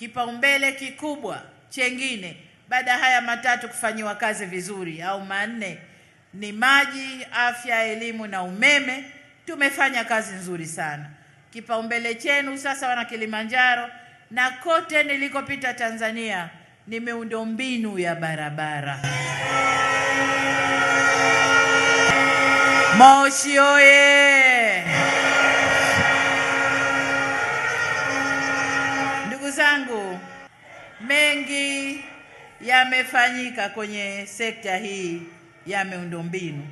Kipaumbele kikubwa chengine baada ya haya matatu kufanyiwa kazi vizuri au manne ni maji, afya, elimu na umeme. Tumefanya kazi nzuri sana. Kipaumbele chenu sasa, wana Kilimanjaro na kote nilikopita Tanzania, ni miundombinu ya barabara. Moshi oye! zangu, mengi yamefanyika kwenye sekta hii ya miundombinu,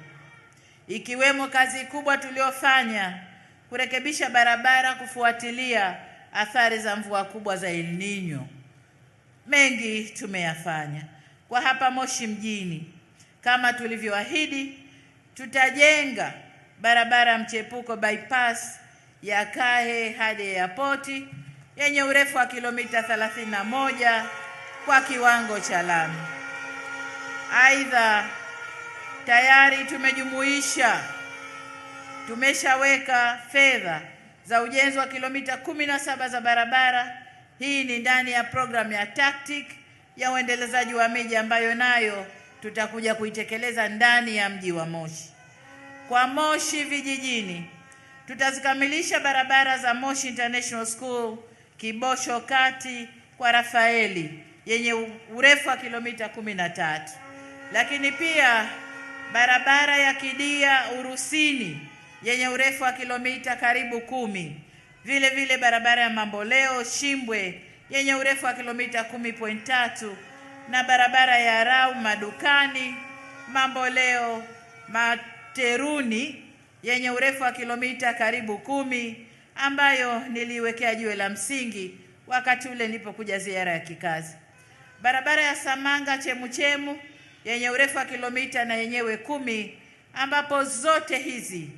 ikiwemo kazi kubwa tuliyofanya kurekebisha barabara kufuatilia athari za mvua kubwa za El Nino. Mengi tumeyafanya kwa hapa Moshi mjini. Kama tulivyoahidi, tutajenga barabara ya mchepuko bypass ya Kahe hadi airport yenye urefu wa kilomita 31 kwa kiwango cha lami. Aidha, tayari tumejumuisha tumeshaweka fedha za ujenzi wa kilomita 17 za barabara. Hii ni ndani ya programu ya TACTIC ya uendelezaji wa miji ambayo nayo tutakuja kuitekeleza ndani ya mji wa Moshi. Kwa Moshi vijijini tutazikamilisha barabara za Moshi International School Kibosho Kati kwa Rafaeli yenye urefu wa kilomita kumi na tatu, lakini pia barabara ya Kidia Urusini yenye urefu wa kilomita karibu kumi, vile vile barabara ya Mamboleo Shimbwe yenye urefu wa kilomita kumi point tatu na barabara ya Rau Madukani Mamboleo Materuni yenye urefu wa kilomita karibu kumi ambayo niliiwekea jiwe la msingi wakati ule nilipokuja ziara ya kikazi. Barabara ya Samanga Chemuchemu yenye urefu wa kilomita na yenyewe kumi, ambapo zote hizi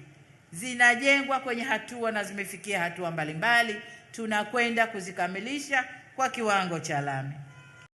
zinajengwa kwenye hatua na zimefikia hatua mbalimbali, tunakwenda kuzikamilisha kwa kiwango cha lami.